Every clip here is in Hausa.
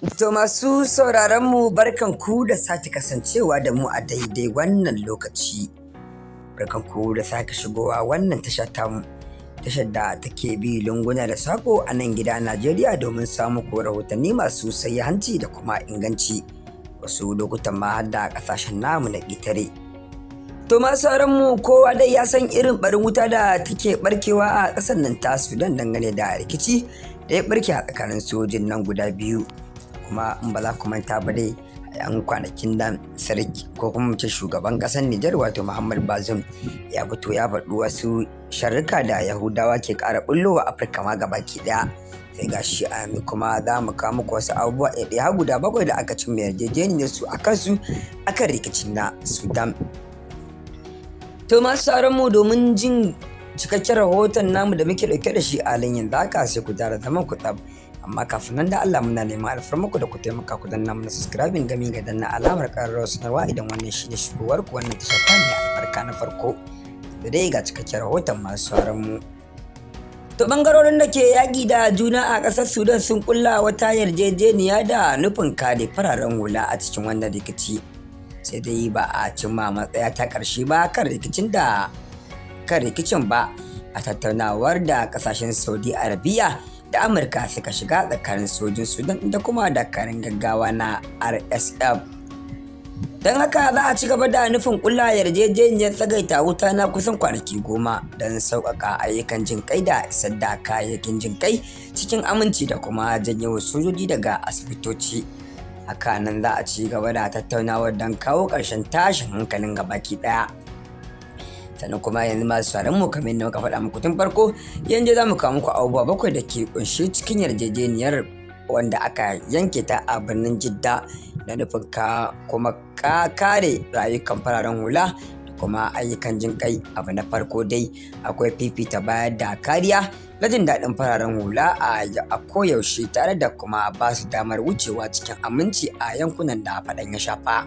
To masu sauraronmu barkan ku da sake kasancewa da mu a daidai wannan lokaci. Barkan ku da sake shigowa wannan tasha tamu. Tashar da take bi lunguna da sako a nan gida Najeriya domin samu ko rahotanni masu hanci da kuma inganci. Wasu lokutan ma har da kasashen namu na ƙetare. To masu mu kowa dai ya san irin barin wuta da take barkewa a ƙasar nan ta Sudan dangane da rikici da ya barke a tsakanin sojin nan guda biyu. kuma in ba za ku manta ba dai a yan kwanakin nan sarki ko kuma mace shugaban ƙasar Nijar wato Muhammad Bazoum ya fito ya faɗi wasu sharrika da Yahudawa ke ƙara a Afirka ma gaba gabaki ɗaya. sai ga shi a yanzu kuma za mu kawo muku wasu abubuwa ɗaya guda bakwai da aka cimma yarjejeniyar su a kansu akan rikicin na sudan to masu sauran mu domin jin cikakken rahoton namu da muke ɗauke da shi a halin yanzu haka sai ku tara zaman ku tsab amma kafin nan da Allah muna neman muku da ku taimaka ku danna mana subscribing gami ga danna alamar ƙararrawar sanarwa idan wannan shine shigowar ku wannan tasha ta ne albarka na farko da dai ga cikakken rahoton masu sauran mu to bangarorin da ke yaƙi da juna a ƙasar sudan sun kulla wata yarjejeniya da nufin kare fararen hula a cikin wannan rikici sai dai ba a cimma matsaya ta ƙarshe ba kan rikicin da kan rikicin ba a tattaunawar da ƙasashen saudi arabia da amurka suka shiga tsakanin sojin sudan da kuma dakarun gaggawa na rsf don haka za a ci gaba da nufin kula yarjejeniyar tsagaita wuta na kusan kwanaki goma don sauƙaƙa ayyukan jin kai da isar da kayayyakin jin kai cikin aminci da kuma janyewa sojoji daga asibitoci haka nan za a ci gaba da tattaunawar don kawo ƙarshen tashin hankalin gabaki ɗaya sannan kuma yanzu masu tsarin mu kamar yadda muka faɗa muku tun farko yanzu za mu kawo muku abubuwa bakwai da ke kunshe cikin yarjejeniyar wanda aka yanke ta a birnin jidda da nufin ka kuma ka kare rayukan fararen hula da kuma ayyukan jin kai abu na farko dai akwai fifita bayar da kariya na jin daɗin fararen hula a koyaushe tare da kuma ba su damar wucewa cikin aminci a yankunan da faɗan ya shafa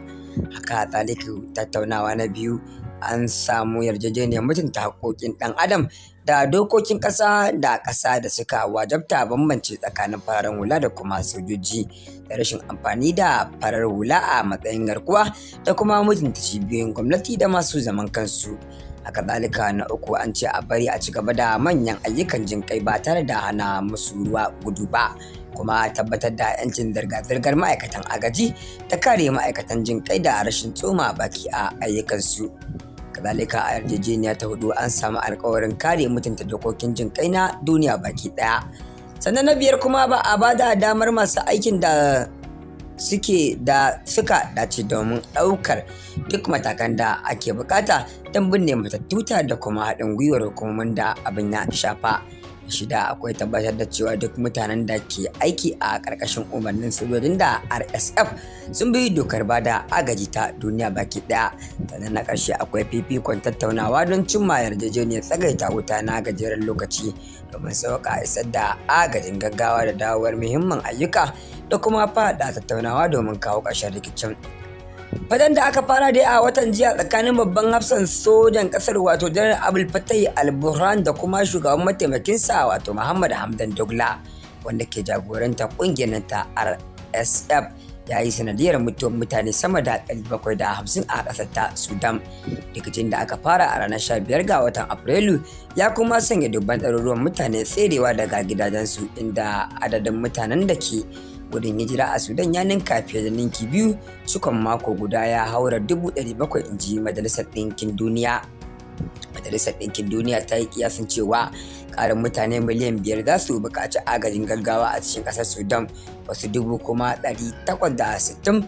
haka tsalikin tattaunawa na biyu an samu yarjejeniyar mutunta haƙoƙin ɗan adam da dokokin ƙasa da ƙasa da suka wajabta bambance tsakanin fararen hula da kuma sojoji da rashin amfani da farar hula a matsayin garkuwa da kuma mutunta cibiyoyin gwamnati da masu zaman kansu haka zalika na uku an ce a bari a ci gaba da manyan ayyukan jin kai ba tare da hana musu ruwa gudu ba kuma tabbatar da 'yancin zirga-zirgar ma'aikatan agaji ta kare ma'aikatan jin kai da rashin tsoma baki a ayyukansu. kazalika a yarjejeniya ta hudu an samu alkawarin kare mutunta dokokin jin kai na duniya baki ɗaya, sannan na biyar kuma ba a bada damar masu aikin da suke da suka dace domin ɗaukar duk matakan da ake bukata don binne matattuta da kuma haɗin gwiwar hukumomin da abin ya shafa. shida akwai tabbatar da cewa duk mutanen da ke aiki a ƙarƙashin umarnin sojojin da rsf sun bi dokar bada agaji ta duniya baki ɗaya sannan na ƙarshe akwai fifikon tattaunawa don cimma yarjejeniyar tsagaita wuta na gajeren lokaci domin sauka isar da agajin gaggawa da dawowar muhimman ayyuka da kuma faɗa tattaunawa domin kawo ƙarshen rikicin fadan da aka fara dai a watan jiya tsakanin babban hafsan sojan kasar wato janar abul fatai al da kuma shugaban mataimakinsa wato muhammad hamdan dogla wanda ke jagoranta kungiyar ta rsf ya yi sanadiyar mutuwar mutane sama da 750 a kasar ta sudan rikicin da aka fara a ranar 15 ga watan afrilu ya kuma sanya dubban ɗaruruwan mutane tserewa daga gidajensu inda adadin mutanen da ke gudun hijira a sudan ya ninka fiye da ninki biyu cikon mako guda ya haura dubu ɗari bakwai in majalisar ɗinkin duniya majalisar ɗinkin duniya ta yi kiyasin cewa ƙarin mutane miliyan biyar za su buƙaci agajin gaggawa a cikin ƙasar sudan wasu dubu kuma ɗari takwas da sittin